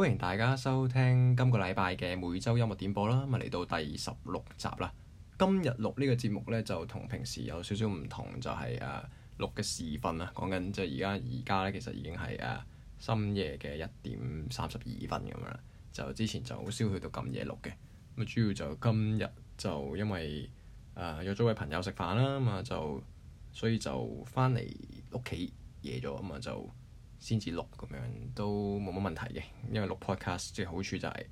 歡迎大家收聽今個禮拜嘅每周音樂點播啦，咁啊嚟到第十六集啦。今日錄呢個節目咧就同平時有少少唔同，就係誒錄嘅時分啊，講緊即係而家而家咧其實已經係誒深夜嘅一點三十二分咁樣啦。就之前就好少去到咁夜錄嘅，咁啊主要就今日就因為誒約咗位朋友食飯啦，咁啊就所以就翻嚟屋企夜咗啊嘛就。先至錄咁樣都冇乜問題嘅，因為錄 podcast 即係好處就係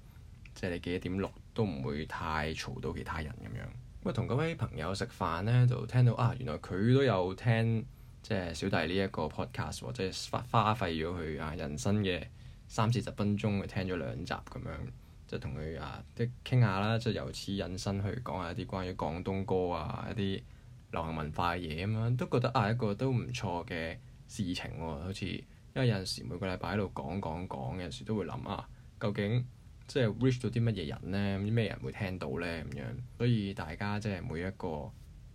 即係你幾點錄都唔會太嘈到其他人咁樣。咁啊，同嗰位朋友食飯咧，就聽到啊，原來佢都有聽即係、就是、小弟呢一個 podcast 喎、哦，即係花花費咗佢啊人生嘅三四十分鐘去聽咗兩集咁樣，就同佢啊即係傾下啦，即係由此引申去講下一啲關於廣東歌啊、一啲流行文化嘅嘢咁樣，都覺得啊一個都唔錯嘅事情喎、哦，好似～有陣時每個禮拜喺度講講講，有陣時都會諗啊，究竟即係 reach 到啲乜嘢人咧？唔知咩人會聽到咧？咁樣，所以大家即係每一個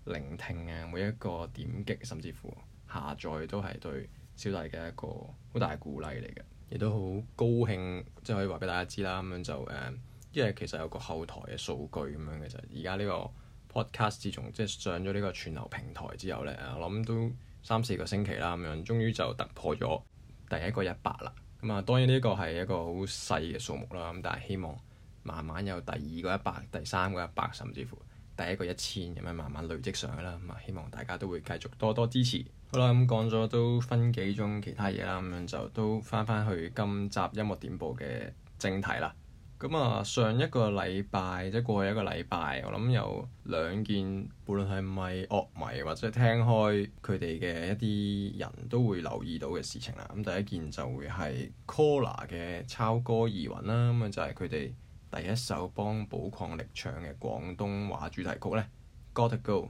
聆聽啊，每一個點擊，甚至乎下載，都係對小弟嘅一個好大鼓勵嚟嘅，亦都好高興。即係可以話俾大家知啦。咁樣就誒，因為其實有個後台嘅數據咁樣嘅，就而家呢個 podcast 自從即係上咗呢個串流平台之後咧，我諗都三四個星期啦，咁樣終於就突破咗，第一個一百啦，咁啊當然呢個係一個好細嘅數目啦，咁但係希望慢慢有第二個一百、第三個一百，甚至乎第一個一千，咁樣慢慢累積上去啦。咁啊希望大家都會繼續多多支持。嗯、好啦，咁講咗都分幾種其他嘢啦，咁樣就都翻翻去今集音樂點播嘅正題啦。咁啊，上一個禮拜即係過去一個禮拜，我諗有兩件，無論係咪樂迷或者聽開佢哋嘅一啲人都會留意到嘅事情啦。咁第一件就會係 COLLAR 嘅抄歌疑雲啦。咁啊，就係佢哋第一首幫寶礦力唱嘅廣東話主題曲咧。Gotta Go，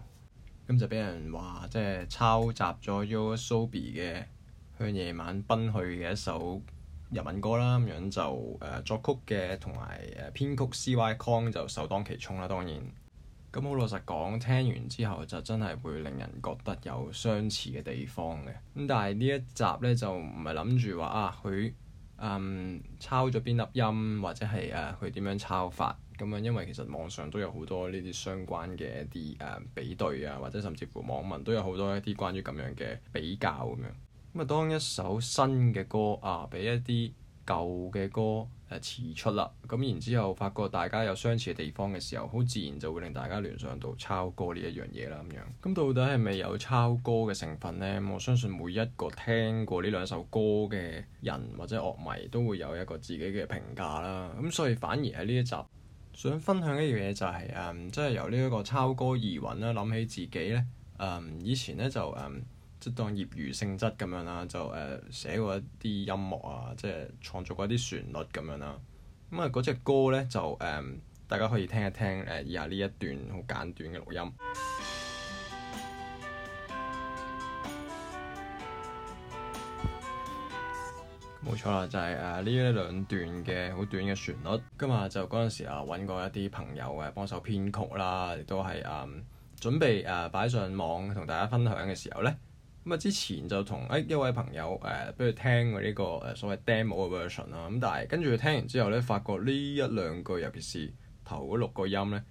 咁就俾人話即係抄襲咗 YOASOBI 嘅向夜晚奔去嘅一首日文歌啦，咁樣就誒、呃、作曲嘅同埋誒編曲 C.Y.Kong 就首當其衝啦。當然，咁好老實講，聽完之後就真係會令人覺得有相似嘅地方嘅。咁但係呢一集呢，就唔係諗住話啊佢、嗯、抄咗邊粒音或者係啊佢點樣抄法咁樣，因為其實網上都有好多呢啲相關嘅一啲誒、呃、比對啊，或者甚至乎網民都有好多一啲關於咁樣嘅比較咁樣。咁當一首新嘅歌啊，俾一啲舊嘅歌誒遲、呃、出啦，咁然之後發覺大家有相似嘅地方嘅時候，好自然就會令大家聯想到抄歌呢一樣嘢啦咁樣。咁、嗯、到底係咪有抄歌嘅成分呢、嗯？我相信每一個聽過呢兩首歌嘅人或者樂迷都會有一個自己嘅評價啦。咁、嗯、所以反而喺呢一集想分享一樣嘢就係、是、啊、嗯，即係由呢一個抄歌疑雲啦，諗起自己咧，誒、嗯、以前咧就誒。嗯即當業餘性質咁樣啦，就誒寫過一啲音樂啊，即係創作過一啲旋律咁樣啦。咁、那、啊、個，嗰隻歌咧就誒、嗯，大家可以聽一聽誒。以下呢一段好簡短嘅錄音，冇 錯啦，就係誒呢一兩段嘅好短嘅旋律。今日就嗰陣時啊，揾過一啲朋友誒幫手編曲啦，亦都係誒準備誒擺、呃、上網同大家分享嘅時候咧。咁啊，之前就同誒一位朋友誒，不、呃、如聽過呢個誒所謂 Demo 嘅 version 啦。咁但係跟住佢聽完之後咧，發覺呢一兩句，尤其是頭嗰六個音咧，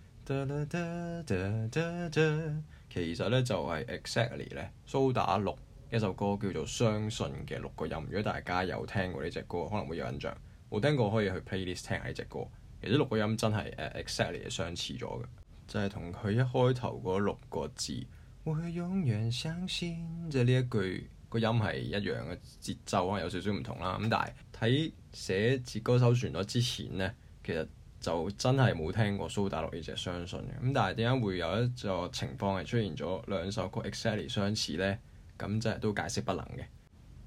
其實咧就係 exactly 咧蘇打綠一首歌叫做相信嘅六個音。如果大家有聽過呢隻歌，可能會有印象。冇聽過可以去 playlist 聽下呢隻歌。其實六個音真係誒 exactly 相似咗嘅，就係同佢一開頭嗰六個字。會永遠相信，即係呢一句個音係一樣嘅節奏啊，有少少唔同啦。咁但係睇寫字歌手傳咗之前呢，其實就真係冇聽過蘇打綠呢隻相信嘅。咁但係點解會有一個情況係出現咗兩首歌 exactly 相似呢？咁即係都解釋不能嘅。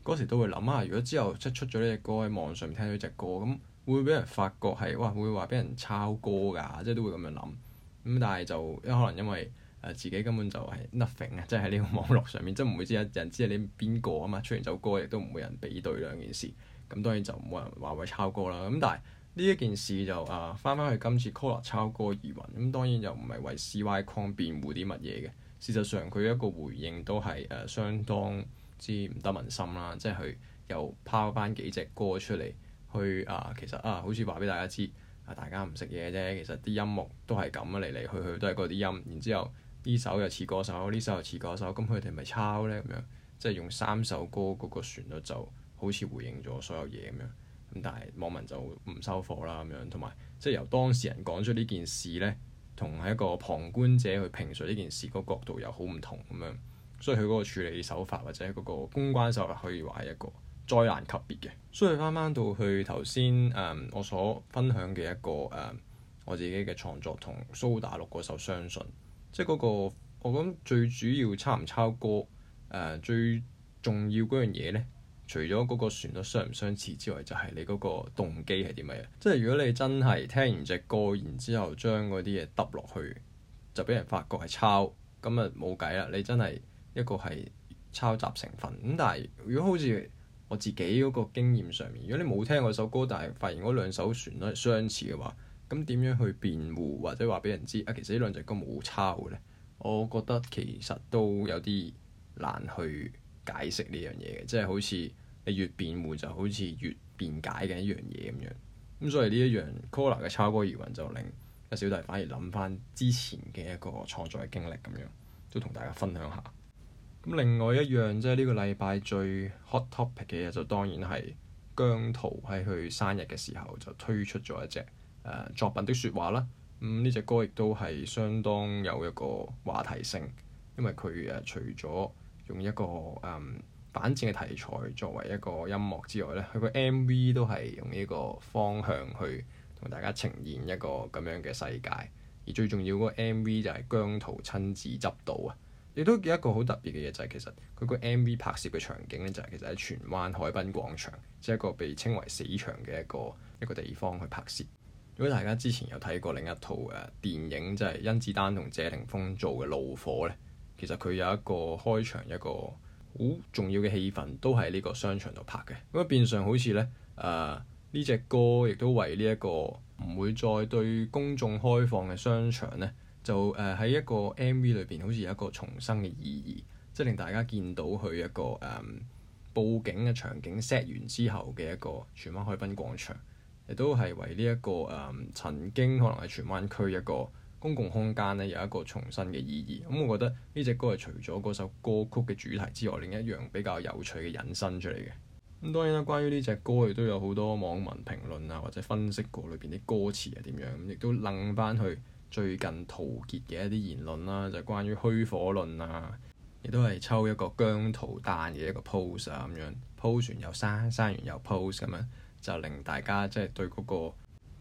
嗰時都會諗啊，如果之後即係出咗呢隻歌喺網上聽到隻歌，咁會唔會俾人發覺係哇，會話俾人抄歌㗎，即係都會咁樣諗。咁但係就因可能因為。自己根本就係 nothing 啊！即係喺呢個網絡上面，即係唔會知人知你邊個啊嘛。出完首歌亦都唔會有人比對兩件事，咁當然就冇人話會抄歌啦。咁但係呢一件事就誒翻翻去今次 COLLAR 抄歌疑雲，咁當然就唔係為 C.Y.Kong 辯護啲乜嘢嘅。事實上佢一個回應都係誒、啊、相當之唔得民心啦，即係佢又拋翻幾隻歌出嚟去誒、啊，其實啊好似話俾大家知啊，大家唔識嘢啫。其實啲音樂都係咁啊，嚟嚟去去都係嗰啲音，然之後。呢首又似歌手，呢首又似歌手，咁佢哋咪抄呢？咁樣，即係用三首歌嗰個旋律就好似回應咗所有嘢咁樣。咁但係網民就唔收貨啦咁樣，同埋即係由當事人講出呢件事呢，同喺一個旁觀者去評述呢件事個角度又好唔同咁樣，所以佢嗰個處理手法或者嗰個公關手法可以話係一個災難級別嘅。所以翻返到去頭先誒，我所分享嘅一個誒、嗯、我自己嘅創作同蘇打綠嗰首《相信》。即係、那、嗰個，我諗最主要抄唔抄歌，誒、呃、最重要嗰樣嘢咧，除咗嗰個旋律相唔相似之外，就係、是、你嗰個動機係點啊？即係如果你真係聽完隻歌，然之後將嗰啲嘢揼落去，就俾人發覺係抄，咁啊冇計啦！你真係一個係抄襲成分。咁但係如果好似我自己嗰個經驗上面，如果你冇聽過首歌，但係發現嗰兩首旋律相似嘅話，咁點樣去辯護或者話畀人知啊？其實兩，呢兩隻歌冇抄嘅呢，我覺得其實都有啲難去解釋呢樣嘢嘅，即係好似你越辯護就好似越辯解嘅一,一樣嘢咁樣。咁、啊、所以呢一樣 COLLAR 嘅《抄歌疑雲》就令阿小弟反而諗翻之前嘅一個創作嘅經歷咁樣，都同大家分享下。咁另外一樣即係呢個禮拜最 hot topic 嘅嘢，就當然係姜濤喺佢生日嘅時候就推出咗一隻。作品的説話啦，呢、嗯、隻歌亦都係相當有一個話題性，因為佢誒除咗用一個誒、嗯、反戰嘅題材作為一個音樂之外呢，佢個 M V 都係用呢個方向去同大家呈現一個咁樣嘅世界。而最重要嗰個 M V 就係姜濤親自執導啊，亦都一個好特別嘅嘢就係、是、其實佢個 M V 拍攝嘅場景呢，就係其實喺荃灣海濱廣場，即、就、係、是、一個被稱為死場嘅一個一個地方去拍攝。如果大家之前有睇過另一套誒、啊、電影，就係甄子丹同謝霆鋒做嘅《怒火》咧，其實佢有一個開場一個好重要嘅戲份，都喺呢個商場度拍嘅。咁變相好似咧，誒呢隻歌亦都為呢一個唔會再對公眾開放嘅商場咧，就誒喺、呃、一個 M V 裏邊，好似有一個重生嘅意義，即係令大家見到佢一個誒佈景嘅場景 set 完之後嘅一個荃灣海濱廣場。亦都係為呢、這、一個誒、呃、曾經可能係荃灣區一個公共空間咧，有一個重新嘅意義，咁、嗯、我覺得呢隻歌係除咗嗰首歌曲嘅主題之外，另外一樣比較有趣嘅引申出嚟嘅。咁、嗯、當然啦，關於呢隻歌，亦都有好多網民評論啊，或者分析過裏邊啲歌詞係、啊、點樣，亦、嗯、都楞翻去最近陶傑嘅一啲言論啦、啊，就是、關於虛火論啊，亦都係抽一個姜濤彈嘅一個 pose 啊，咁樣 pose 完又刪，刪完又 pose 咁樣。就令大家即係、就是、對嗰個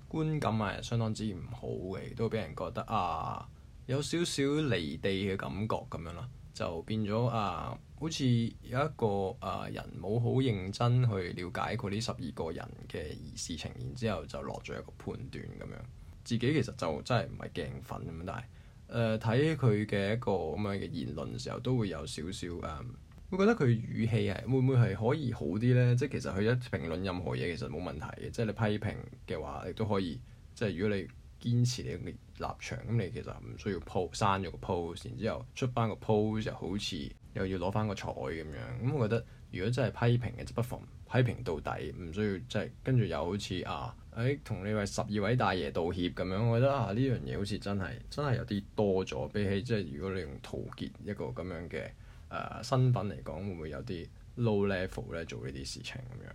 觀感係、啊、相當之唔好嘅，都俾人覺得啊有少少離地嘅感覺咁樣啦，就變咗啊，好似有一個啊人冇好認真去了解佢呢十二個人嘅事情，然之後就落咗一個判斷咁樣，自己其實就真係唔係鏡粉咁，但係誒睇佢嘅一個咁樣嘅言論時候，都會有少少誒。嗯我覺得佢語氣係會唔會係可以好啲呢？即係其實佢一評論任何嘢，其實冇問題嘅。即係你批評嘅話，你都可以。即係如果你堅持你立場，咁你其實唔需要 post 刪咗個 post，然之後出翻個 post，就好似又要攞翻個彩咁樣。咁我覺得如果真係批評嘅，就不妨不批評到底，唔需要即係、就是、跟住又好似啊，誒、哎，同呢位十二位大爺道歉咁樣。我覺得啊，呢樣嘢好似真係真係有啲多咗，比起即係如果你用陶傑一個咁樣嘅。誒、呃、身份嚟講會唔會有啲 low level 咧做呢啲事情咁樣？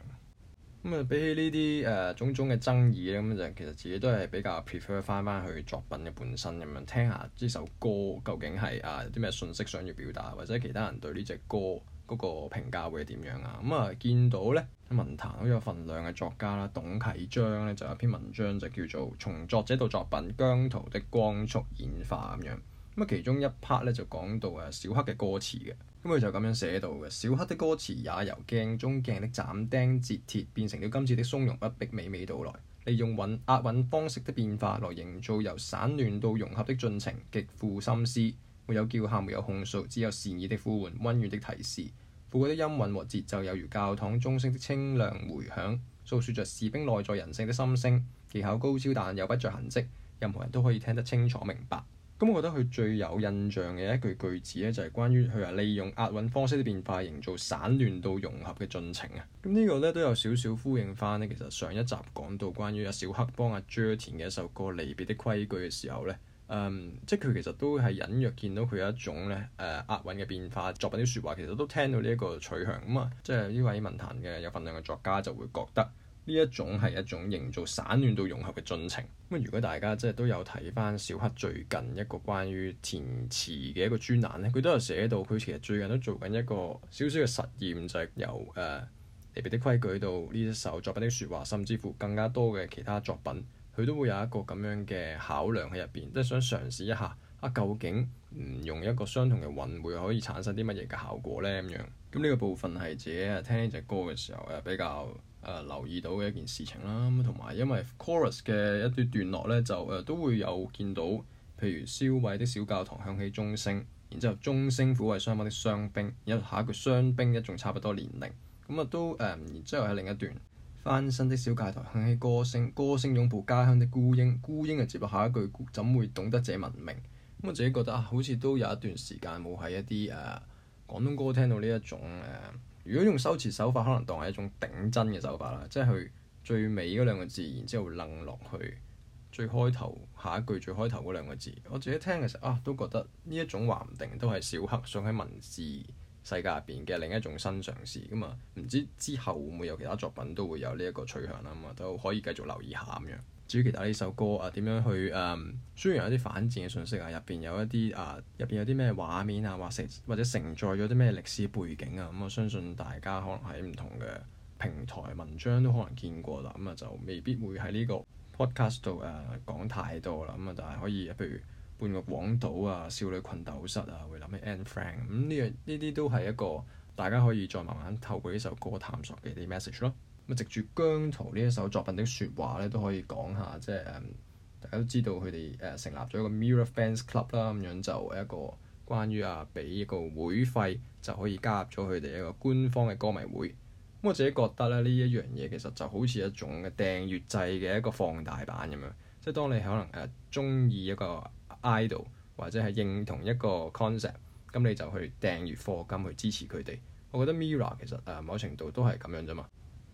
咁、嗯、啊比起呢啲誒種種嘅爭議咧，咁就其實自己都係比較 prefer 翻翻去作品嘅本身咁樣，聽下呢首歌究竟係啊有啲咩信息想要表達，或者其他人對呢隻歌嗰個評價會係點樣、嗯、啊？咁啊見到咧文壇好有份量嘅作家啦，董啟章咧就有篇文章就叫做《從作者到作品：姜濤的光速演化》咁樣。咁其中一 part 咧就講到小克嘅歌詞嘅，咁佢就咁樣寫到嘅。小克的歌詞也由鏡中鏡的斬釘截鐵，變成了今次的從容不迫，娓娓道來。利用韻押韻方式的變化，來營造由散亂到融合的進程，極富心思。沒有叫喊，沒有控訴，只有善意的呼喚，溫暖的提示。副歌的音韻和節奏有如教堂鐘聲的清涼回響，訴說着士兵內在人性的心聲。技巧高超，但又不着痕跡，任何人都可以聽得清楚明白。咁、嗯、我覺得佢最有印象嘅一句句子咧，就係、是、關於佢話利用押韻方式啲變化，營造散亂到融合嘅進程啊。咁呢個咧都有少少呼應翻咧，其實上一集講到關於阿小克幫阿、啊、Jer 嘅一首歌《離別的規矩》嘅時候咧，誒、嗯、即係佢其實都係隱約見到佢有一種咧誒押韻嘅變化，作品啲説話其實都聽到呢一個取向咁啊，嗯，即係呢位文壇嘅有份量嘅作家就會覺得。呢一種係一種營造散亂到融合嘅進程。咁如果大家即係都有睇翻小克最近一個關於填詞嘅一個專欄咧，佢都有寫到，佢其實最近都做緊一個少少嘅實驗，就係由誒離別的規矩到呢一首作品的説話，甚至乎更加多嘅其他作品，佢都會有一個咁樣嘅考量喺入邊，即係想嘗試一下啊，究竟唔用一個相同嘅韻會可以產生啲乜嘢嘅效果咧？咁樣咁呢個部分係自己聽呢隻歌嘅時候誒比較，誒、呃、留意到嘅一件事情啦，咁同埋因為《chorus 嘅一啲段落咧，就誒、呃、都會有見到，譬如燒燬的小教堂響起鐘聲，然之後鐘聲撫慰雙方的傷兵，然後下一句傷兵一眾差不多年齡，咁啊都誒，然之後喺、嗯、另一段翻新的小教堂響起歌聲，歌聲擁抱家鄉的孤鷹，孤鷹啊接落下一句怎會懂得這文明，咁、嗯、我自己覺得啊，好似都有一段時間冇喺一啲誒、啊、廣東歌聽到呢一種誒。啊啊如果用修辭手法，可能當係一種頂真嘅手法啦，即係佢最尾嗰兩個字，然之後楞落去最開頭下一句最開頭嗰兩個字。我自己聽嘅時候啊，都覺得呢一種話唔定都係小克想喺文字世界入邊嘅另一種新嘗試噶嘛。唔知之後會唔會有其他作品都會有呢一個趨向啦嘛，都可以繼續留意下咁樣。至於其他呢首歌啊點樣去誒、嗯？雖然有啲反戰嘅信息啊，入邊有一啲啊，入邊有啲咩畫面啊，或承或者承載咗啲咩歷史背景啊？咁、嗯、我相信大家可能喺唔同嘅平台文章都可能見過啦。咁啊就未必會喺呢個 podcast 度誒、啊、講太多啦。咁啊，但係可以、啊、譬如半個廣島啊，少女群斗室啊，會諗起 Anne Frank、啊。咁呢樣呢啲都係一個大家可以再慢慢透過呢首歌探索嘅啲 message 咯。咁，藉住姜濤呢一首作品的說話咧，都可以講下，即係誒大家都知道佢哋誒成立咗一個 Mirror Fans Club 啦，咁樣就一個關於啊俾個會費就可以加入咗佢哋一個官方嘅歌迷會。咁我自己覺得咧，呢一樣嘢其實就好似一種訂閱制嘅一個放大版咁樣，即係當你可能誒中意一個 idol 或者係認同一個 concept，咁你就去訂閱課金去支持佢哋。我覺得 Mirror 其實誒、呃、某程度都係咁樣啫嘛。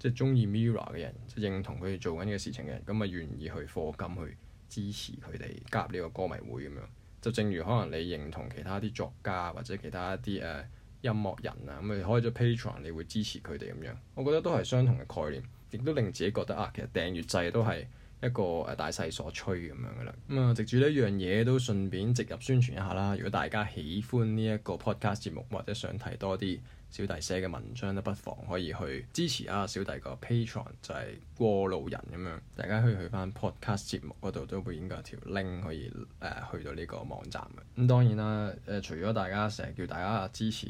即係中意 MIRROR 嘅人，即係認同佢哋做緊嘅事情嘅人，咁咪願意去課金去支持佢哋加入呢個歌迷會咁樣。就正如可能你認同其他啲作家或者其他一啲誒、uh, 音樂人啊，咁你開咗 Patreon，你會支持佢哋咁樣。我覺得都係相同嘅概念，亦都令自己覺得啊，其實訂閱制都係一個大勢所趨咁樣噶啦。咁、嗯、啊，藉住呢樣嘢都順便植入宣傳一下啦。如果大家喜歡呢一個 podcast 節目或者想睇多啲小弟寫嘅文章，都不妨可以去支持下、啊、小弟個 Patreon 就係過路人咁樣。大家可以去翻 podcast 節目嗰度，都會應該有條 link 可以誒、呃、去到呢個網站嘅。咁、嗯、當然啦，誒、呃、除咗大家成日叫大家支持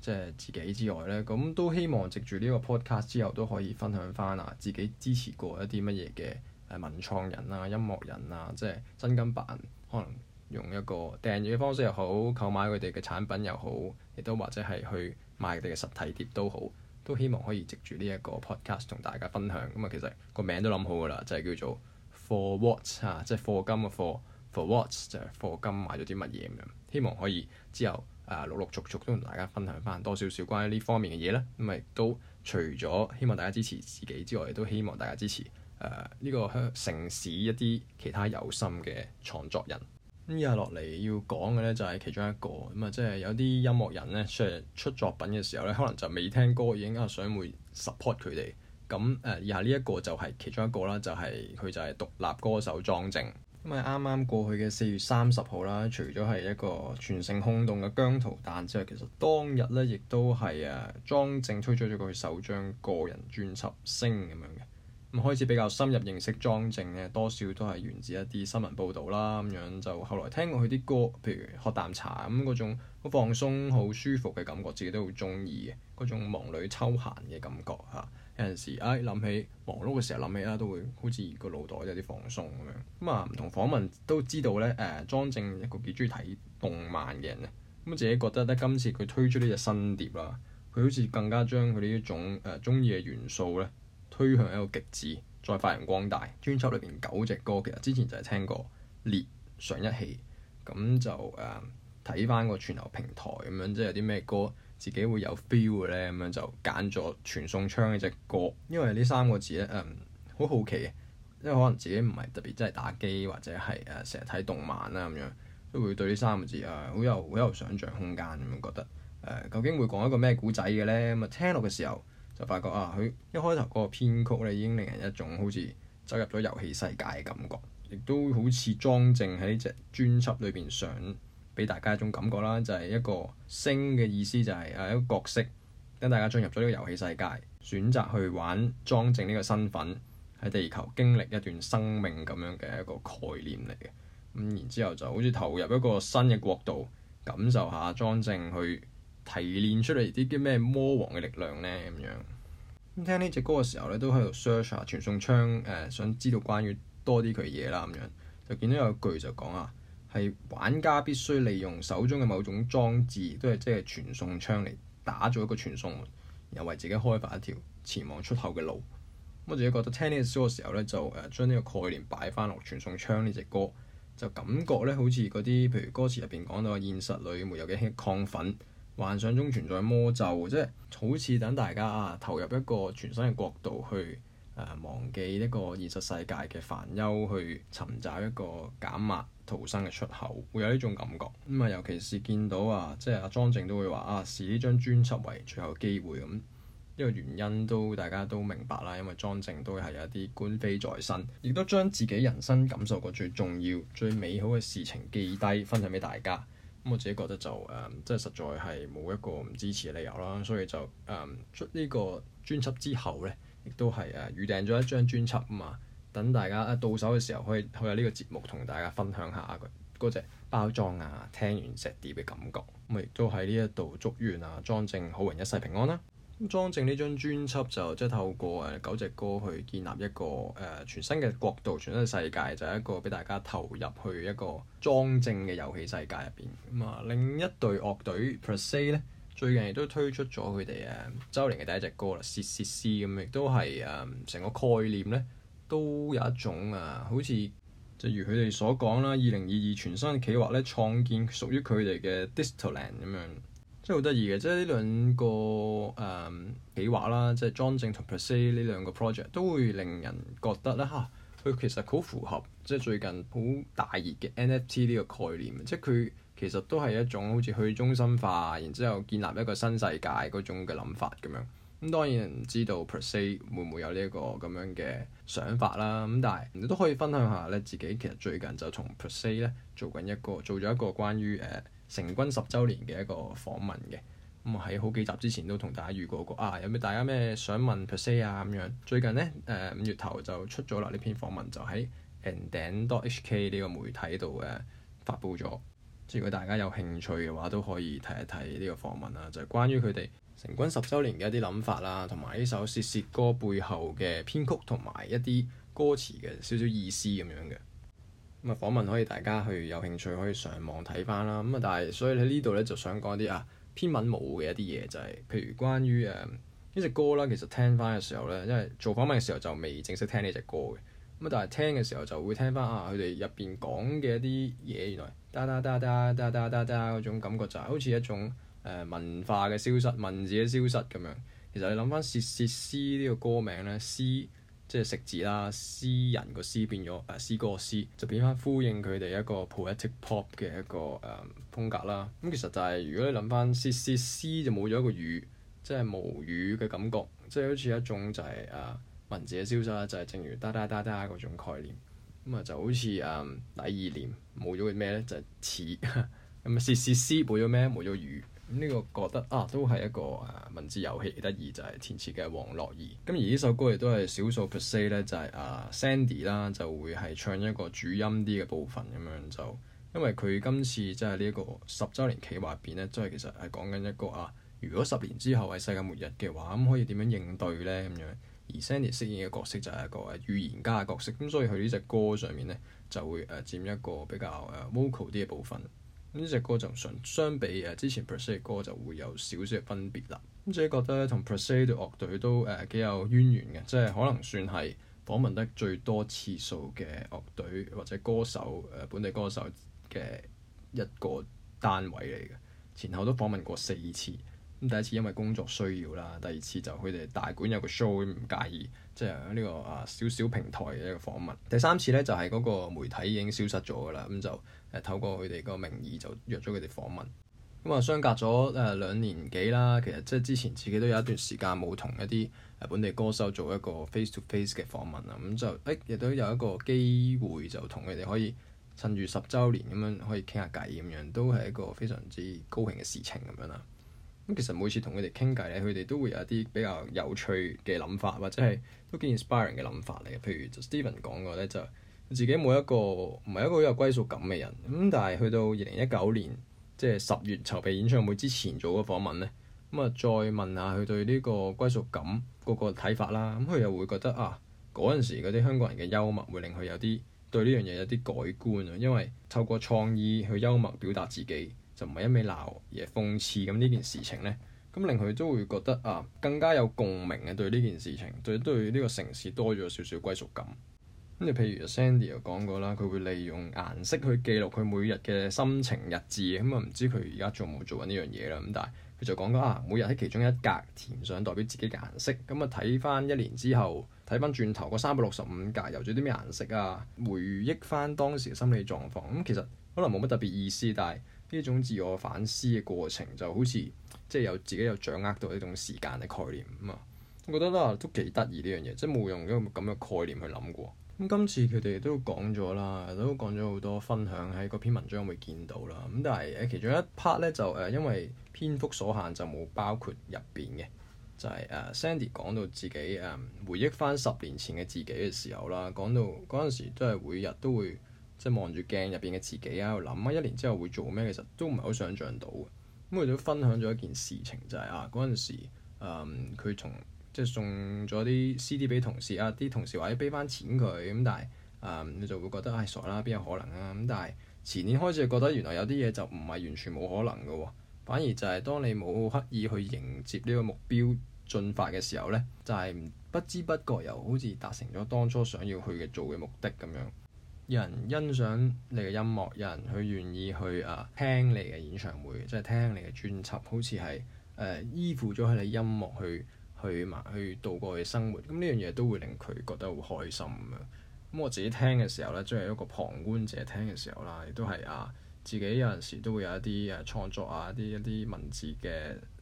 即係自己之外咧，咁都希望藉住呢個 podcast 之後都可以分享翻啊自己支持過一啲乜嘢嘅。文創人啊，音樂人啊，即係真金白銀，可能用一個訂閱嘅方式又好，購買佢哋嘅產品又好，亦都或者係去買佢哋嘅實體碟都好，都希望可以藉住呢一個 podcast 同大家分享。咁、嗯、啊，其實個名都諗好㗎啦，就係、是、叫做 For What 啊，即係課金嘅 For For What 就係課金買咗啲乜嘢咁樣。希望可以之後啊，陸陸續續都同大家分享返多少少關於呢方面嘅嘢啦。咁、嗯、咪都除咗希望大家支持自己之外，亦都希望大家支持。誒呢、呃這個城市一啲其他有心嘅創作人咁，以下落嚟要講嘅呢就係、是、其中一個咁啊，即、嗯、係、就是、有啲音樂人呢出，出作品嘅時候呢，可能就未聽歌已經啊想會 support 佢哋咁誒、嗯嗯。以下呢一個就係其中一個啦，就係、是、佢就係獨立歌手莊正。咁、嗯、啊。啱啱過去嘅四月三十號啦，除咗係一個全城轟動嘅姜濤誕之外，其實當日呢亦都係啊莊正推出咗佢首張個人專輯《ZiNG!》咁樣嘅。開始比較深入認識莊正，嘅，多少都係源自一啲新聞報導啦。咁樣就後來聽過佢啲歌，譬如喝啖茶咁嗰種好放鬆、好舒服嘅感覺，自己都好中意嘅嗰種忙裡抽閒嘅感覺嚇。有陣時，哎諗起忙碌嘅時候諗起啦，都會好似個腦袋有啲放鬆咁樣。咁啊，唔同訪問都知道咧，誒、呃、莊正一個幾中意睇動漫嘅人嘅。咁自己覺得得、呃、今次佢推出呢隻新碟啦，佢好似更加將佢呢一種誒中意嘅元素咧。推向一個極致，再發揚光大。專輯裏邊九隻歌，其實之前就係聽過《列上一起，咁就誒睇翻個串流平台咁樣，即係有啲咩歌自己會有 feel 嘅咧，咁樣就揀咗傳送槍嗰隻歌。因為呢三個字咧，誒、呃、好好奇嘅，因為可能自己唔係特別真係打機或者係誒成日睇動漫啦咁樣，都會對呢三個字啊，好、呃、有好有想像空間咁樣覺得誒、呃，究竟會講一個咩古仔嘅咧？咁啊聽落嘅時候，就發覺啊，佢一開頭嗰個編曲咧，已經令人一種好似走入咗遊戲世界嘅感覺，亦都好似莊正喺呢隻專輯裏邊想俾大家一種感覺啦，就係、是、一個星嘅意思，就係啊一個角色，等大家進入咗呢個遊戲世界，選擇去玩莊正呢個身份喺地球經歷一段生命咁樣嘅一個概念嚟嘅。咁然之後就好似投入一個新嘅國度，感受下莊正去。提煉出嚟啲叫咩魔王嘅力量呢？咁樣咁聽呢隻歌嘅時候咧，都喺度 search 下傳送槍誒、呃，想知道關於多啲佢嘢啦。咁樣就見到有句就講啊，係玩家必須利用手中嘅某種裝置，都係即係傳送槍嚟打造一個傳送門，然後為自己開發一條前往出口嘅路。咁我自己覺得聽呢首歌嘅時候咧，就誒將呢個概念擺翻落傳送槍呢隻歌，就感覺咧好似嗰啲譬如歌詞入邊講到現實裏面有幾興亢奮。幻想中存在魔咒，即好似等大家啊投入一個全新嘅角度去誒、啊、忘記一個現實世界嘅煩憂，去尋找一個減壓逃生嘅出口，會有呢種感覺。咁、嗯、啊，尤其是見到啊，即係阿莊正都會話啊，視呢張專輯為最後機會，咁，呢個原因都大家都明白啦，因為莊正都係有啲官非在身，亦都將自己人生感受過最重要、最美好嘅事情記低，分享俾大家。我自己覺得就誒，即、嗯、係實在係冇一個唔支持嘅理由啦，所以就誒、嗯、出呢個專輯之後咧，亦都係誒、啊、預訂咗一張專輯啊嘛，等大家到手嘅時候可以喺呢個節目同大家分享下嗰嗰隻包裝啊，聽完隻碟嘅感覺。咁亦都喺呢一度祝願啊莊正好運一世平安啦～莊正呢張專輯就即透過誒九隻歌去建立一個誒、呃、全新嘅國度、全新嘅世界，就係、是、一個俾大家投入去一個莊正嘅遊戲世界入邊。咁、嗯、啊，另一隊樂隊 per se 咧最近亦都推出咗佢哋誒周年嘅第一隻歌啦，《C C C、嗯》咁亦都係誒成個概念咧都有一種啊，好似就如佢哋所講啦，二零二二全新嘅企劃咧，創建屬於佢哋嘅 Distaland 咁樣。真係好得意嘅，即係呢兩個誒、嗯、企畫啦，即係莊正同 per se 呢兩個 project 都會令人覺得咧嚇，佢、啊、其實好符合即係最近好大熱嘅 NFT 呢個概念，即係佢其實都係一種好似去中心化，然之後建立一個新世界嗰種嘅諗法咁樣。咁當然唔知道 per se 會唔會有呢一個咁樣嘅想法啦。咁但係你都可以分享下你自己，其實最近就同 per se 咧做緊一個做咗一個關於誒、呃成軍十週年嘅一個訪問嘅，咁、嗯、喺好幾集之前都同大家預告過，啊有咩大家咩想問 per se 啊咁樣，最近呢，誒、呃、五月頭就出咗啦，呢篇訪問就喺 End.hk 呢個媒體度誒發布咗，如果大家有興趣嘅話，都可以睇一睇呢個訪問啦，就係、是、關於佢哋成軍十週年嘅一啲諗法啦，同埋呢首《涉涉》歌背後嘅編曲同埋一啲歌詞嘅少少意思咁樣嘅。咁啊，訪問可以大家去有興趣可以上網睇翻啦。咁啊，但係所以喺呢度咧，就想講啲啊，篇文冇嘅一啲嘢，就係譬如關於誒呢隻歌啦。其實聽翻嘅時候咧，因為做訪問嘅時候就未正式聽呢隻歌嘅。咁但係聽嘅時候就會聽翻啊，佢哋入邊講嘅一啲嘢，原來，嗒嗒嗒嗒嗒嗒嗒嗒嗰種感覺就係好似一種誒文化嘅消失，文字嘅消失咁樣。其實你諗翻《寫寫詩》呢個歌名咧，詩。即係食字啦，詩人個詩變咗誒，詩歌個詩就變翻呼應佢哋一個 poetic pop 嘅一個誒、嗯、風格啦。咁、嗯、其實就係、是、如果你諗翻涉涉詩就冇咗一個語，即係無語嘅感覺，即係好似一種就係、是、誒、啊、文字嘅消失，啦，就係、是、正如嗒嗒嗒嗒嗰種概念。咁啊就好似誒、嗯、第二年，冇咗個咩咧，就係詞咁涉涉詩冇咗咩？冇咗語。呢個覺得啊，都係一個誒、啊、文字遊戲、就是，而得意就係填詞嘅黃樂怡。咁而呢首歌亦都係少數 per se 咧，就係啊 Sandy 啦，就會係唱一個主音啲嘅部分咁樣就，因為佢今次即係呢個十周年企劃入邊咧，都、就、係、是、其實係講緊一個啊，如果十年之後係世界末日嘅話，咁可以點樣應對咧咁樣？而 Sandy 飾演嘅角色就係一個預、啊、言家嘅角色，咁所以佢呢隻歌上面咧就會誒、啊、佔一個比較誒、啊、vocal 啲嘅部分。呢隻歌就相比之前 per se 嘅歌就會有少少嘅分別啦。咁即係覺得同 per se 樂隊都誒幾、呃、有淵源嘅，即係可能算係訪問得最多次數嘅樂隊或者歌手誒、呃、本地歌手嘅一個單位嚟嘅，前後都訪問過四次。第一次因為工作需要啦，第二次就佢哋大館有個 show 唔介意，即係呢個啊少少平台嘅一個訪問。第三次呢，就係嗰個媒體已經消失咗㗎啦，咁就誒透過佢哋個名義就約咗佢哋訪問。咁啊，相隔咗誒兩年幾啦，其實即係之前自己都有一段時間冇同一啲本地歌手做一個 face to face 嘅訪問啦。咁就誒亦都有一個機會就同佢哋可以趁住十週年咁樣可以傾下偈咁樣，都係一個非常之高興嘅事情咁樣啦。咁其實每次同佢哋傾偈咧，佢哋都會有一啲比較有趣嘅諗法，或者係都幾 inspiring 嘅諗法嚟嘅。譬如 Steven 講過咧，就自己冇一個唔係一個有歸屬感嘅人。咁但係去到二零一九年即係十月籌備演唱會之前做個訪問咧，咁、嗯、啊再問下佢對呢個歸屬感個個睇法啦。咁、嗯、佢又會覺得啊，嗰陣時嗰啲香港人嘅幽默會令佢有啲對呢樣嘢有啲改觀啊，因為透過創意去幽默表達自己。就唔係一味鬧，而係諷刺咁呢件事情呢，咁令佢都會覺得啊，更加有共鳴嘅對呢件事情，對對呢個城市多咗少少歸屬感。咁就譬如 Sandy 又講過啦，佢會利用顏色去記錄佢每日嘅心情日誌。咁、嗯、啊，唔知佢而家做冇做緊呢樣嘢啦。咁但係佢就講緊啊，每日喺其中一格填上代表自己嘅顏色。咁、嗯、啊，睇翻一年之後，睇翻轉頭嗰三百六十五格有咗啲咩顏色啊，回憶翻當時嘅心理狀況。咁、嗯、其實可能冇乜特別意思，但係，呢種自我反思嘅過程，就好似即係有自己有掌握到呢種時間嘅概念咁啊、嗯！我覺得啦，都幾得意呢樣嘢，即係冇用咁嘅概念去諗過。咁、嗯、今次佢哋都講咗啦，都講咗好多分享喺嗰篇文章我會見到啦。咁、嗯、但係誒其中一 part 咧，就誒、呃、因為篇幅所限就冇包括入邊嘅，就係、是、誒、呃、Sandy 講到自己誒、呃、回憶返十年前嘅自己嘅時候啦，講到嗰陣時都係每日都會。即係望住鏡入邊嘅自己喺度諗啊，一年之後會做咩？其實都唔係好想像到嘅。咁佢都分享咗一件事情，就係、是、啊嗰陣時，佢、嗯、從即係送咗啲 CD 畀同事啊，啲同事話要畀翻錢佢，咁但係誒你就會覺得唉、哎，傻啦，邊有可能啊？咁但係前年開始就覺得原來有啲嘢就唔係完全冇可能嘅喎、哦，反而就係當你冇刻意去迎接呢個目標進發嘅時候咧，就係、是、不知不覺又好似達成咗當初想要去嘅做嘅目的咁樣。有人欣賞你嘅音樂，有人佢願意去啊聽你嘅演唱會，即係聽你嘅專輯，好似係誒依附咗喺你音樂去去去，去度過佢生活。咁呢樣嘢都會令佢覺得好開心啊。咁我自己聽嘅時候咧，即係一個旁觀者聽嘅時候啦，亦都係啊自己有陣時都會有一啲誒創作啊，一啲一啲文字嘅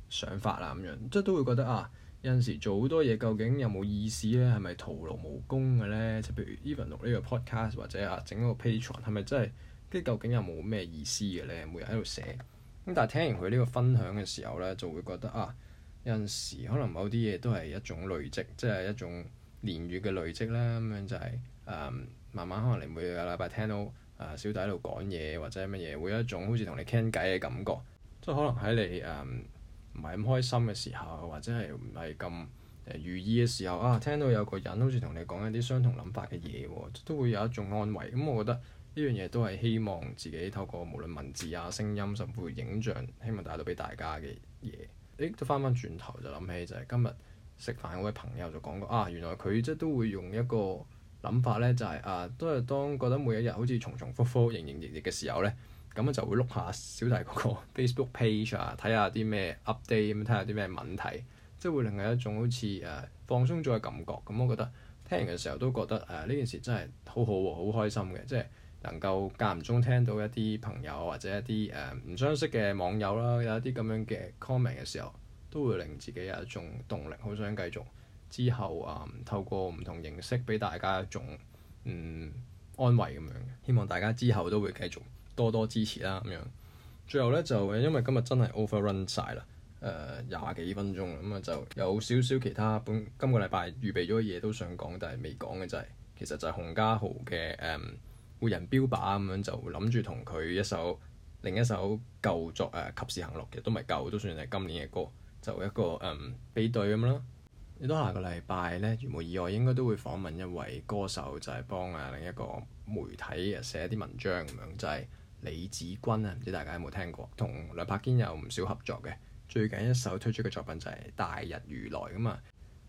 想法啦、啊、咁樣，即係都會覺得啊。有陣時做好多嘢，究竟有冇意思咧？係咪徒勞無功嘅咧？就譬如 Even 錄呢個 Podcast 或者啊整個 Patreon，係咪真係？跟住究竟有冇咩意思嘅咧？每日喺度寫，咁但係聽完佢呢個分享嘅時候咧，就會覺得啊，有陣時可能某啲嘢都係一種累積，即係一種年月嘅累積啦。咁樣就係誒，慢慢可能你每個禮拜聽到啊小弟喺度講嘢或者乜嘢，會有一種好似同你傾偈嘅感覺，即係可能喺你誒。嗯唔係咁開心嘅時候，或者係唔係咁如意嘅時候啊，聽到有個人好似同你講一啲相同諗法嘅嘢喎，都會有一種安慰。咁我覺得呢樣嘢都係希望自己透過無論文字啊、聲音甚至乎影像，希望帶到俾大家嘅嘢。誒，都返返轉頭就諗起就係今日食飯嗰位朋友就講過啊，原來佢即都會用一個諗法呢，就係啊，都係當覺得每一日好似重重複複、營營役役嘅時候咧。咁啊就會碌下小弟嗰個 Facebook page 啊，睇下啲咩 update，咁睇下啲咩問題，即係會令佢一種好似誒、呃、放鬆咗嘅感覺。咁我覺得聽完嘅時候都覺得誒呢、呃、件事真係好好、啊、喎，好開心嘅，即係能夠間唔中聽到一啲朋友或者一啲誒唔相識嘅網友啦，有一啲咁樣嘅 comment 嘅時候，都會令自己有一種動力，好想繼續之後啊、呃、透過唔同形式俾大家一種嗯安慰咁樣，希望大家之後都會繼續。多多支持啦咁樣。最後咧就因為今日真係 overrun 晒啦，廿、呃、幾分鐘咁啊，就有少少其他本今個禮拜預備咗嘅嘢都想講，但係未講嘅就係、是、其實就係洪嘉豪嘅誒《活、嗯、人標靶》咁樣，就諗住同佢一首另一首舊作誒、呃《及時行樂》嘅都唔係舊都算係今年嘅歌，就一個誒比、嗯、對咁啦。你都下個禮拜咧，如無意外應該都會訪問一位歌手，就係、是、幫啊另一個媒體寫一啲文章咁樣，就係、是。李芷君啊，唔知大家有冇聽過，同梁柏堅有唔少合作嘅，最近一首推出嘅作品就係、是《大日如來》咁啊。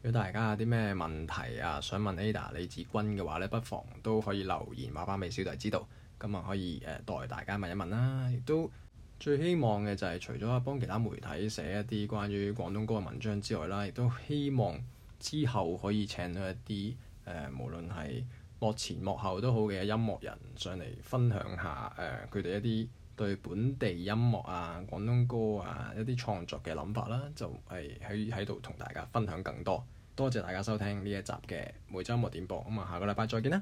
如果大家有啲咩問題啊，想問 Ada 李芷君嘅話呢，不妨都可以留言話翻俾小弟知道，咁啊可以誒代大家問一問啦。亦都最希望嘅就係除咗幫其他媒體寫一啲關於廣東歌嘅文章之外啦，亦都希望之後可以請到一啲誒、呃，無論係。幕前幕後都好嘅音樂人上嚟分享下誒佢哋一啲對本地音樂啊、廣東歌啊一啲創作嘅諗法啦，就係喺喺度同大家分享更多。多謝大家收聽呢一集嘅每周音樂點播咁啊、嗯，下個禮拜再見啦！